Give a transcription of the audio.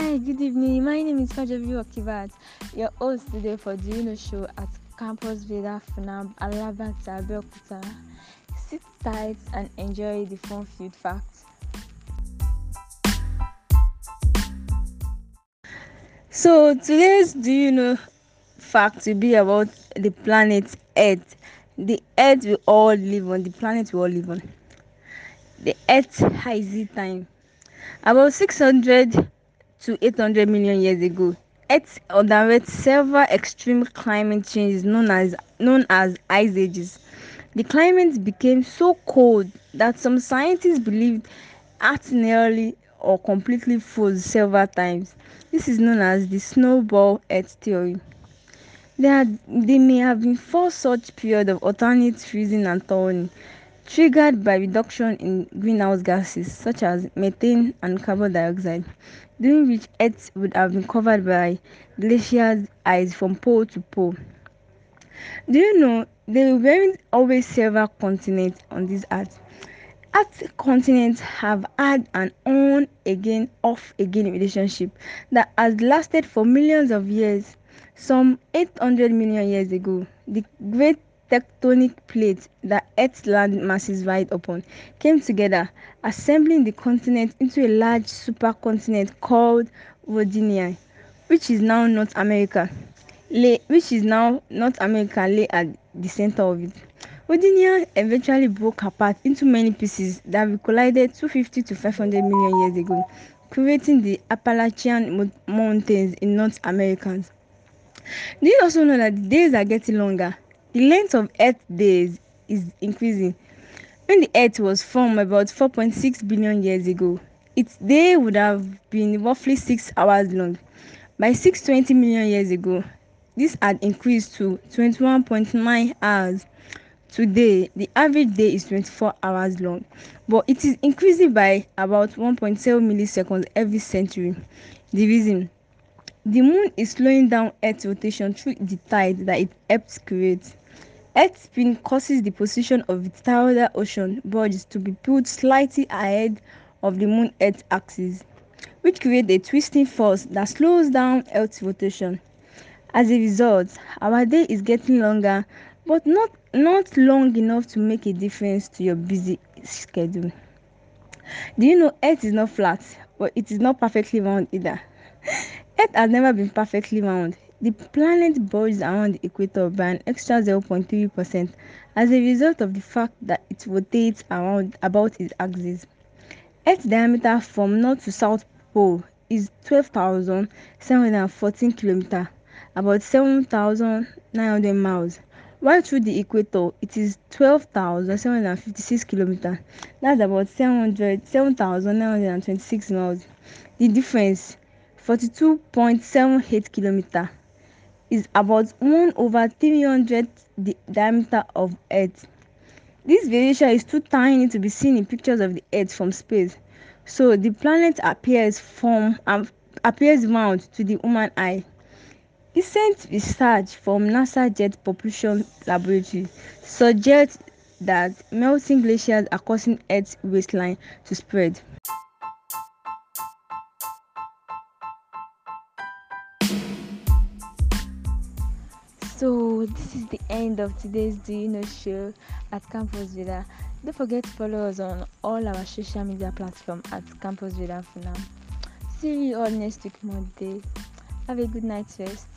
Hi, good evening. My name is Kajavi you your host today for the UNO show at Campus Veda Funab Alabata Belkuta. Sit tight and enjoy the fun field facts. So, today's Do You Know fact will be about the planet Earth. The Earth we all live on, the planet we all live on. The Earth has its time. About 600 to 800 million years ago, Earth underwent several extreme climate changes known as known as ice ages. The climate became so cold that some scientists believed Earth nearly or completely froze several times. This is known as the snowball Earth theory. There, there may have been four such periods of alternate freezing and thawing. triggered by reduction in greenhouse gases such as methane and carbon dioxide, during which Earth would have been covered by glacial ice from pole to pole. Do you know there weren't always several continents on this earth? Earth continents have had an on again, off again relationship that has lasted for millions of years. Some 800 million years ago, the Great tectonic plates that Earth's land masses ride upon came together, assembling the continent into a large supercontinent called Rodinia, which is now North America. Lay, which is now North America, lay at the center of it. Rodinia eventually broke apart into many pieces that collided 250 to 500 million years ago, creating the Appalachian Mountains in North America. Do you also know that the days are getting longer? The length of Earth days is increasing. When the Earth was formed about 4.6 billion years ago, its day would have been roughly 6 hours long. By 620 million years ago, this had increased to 21.9 hours. Today, the average day is 24 hours long, but it is increasing by about 1.7 milliseconds every century. The reason The moon is slowing down Earth's rotation through the tide that it helps create. Earth's spin causes the position of its tidal ocean bodies to be pulled slightly ahead of the moon Earth axis, which creates a twisting force that slows down Earth's rotation. As a result, our day is getting longer, but not, not long enough to make a difference to your busy schedule. Do you know Earth is not flat, but it is not perfectly round either? Earth has never been perfectly round. The planet bulges around the equator by an extra 0.3 percent as a result of the fact that it rotates around about its axis. Earth's diameter from north to south pole is 12,714 km, about 7,900 miles, while through the equator it is 12,756 km, that's about 7,926 7, miles. The difference 42.78 km) is about 1 over 300 the diameter of Earth. This variation is too tiny to be seen in pictures of the Earth from space, so the planet appears from um, appears round to the human eye. Recent research from NASA Jet Propulsion Laboratory suggests that melting glaciers are causing Earth's waistline to spread. so this is the end of today's do you know show at campus villa don't forget to follow us on all our social media platforms at campus villa for now see you all next week monday have a good night rest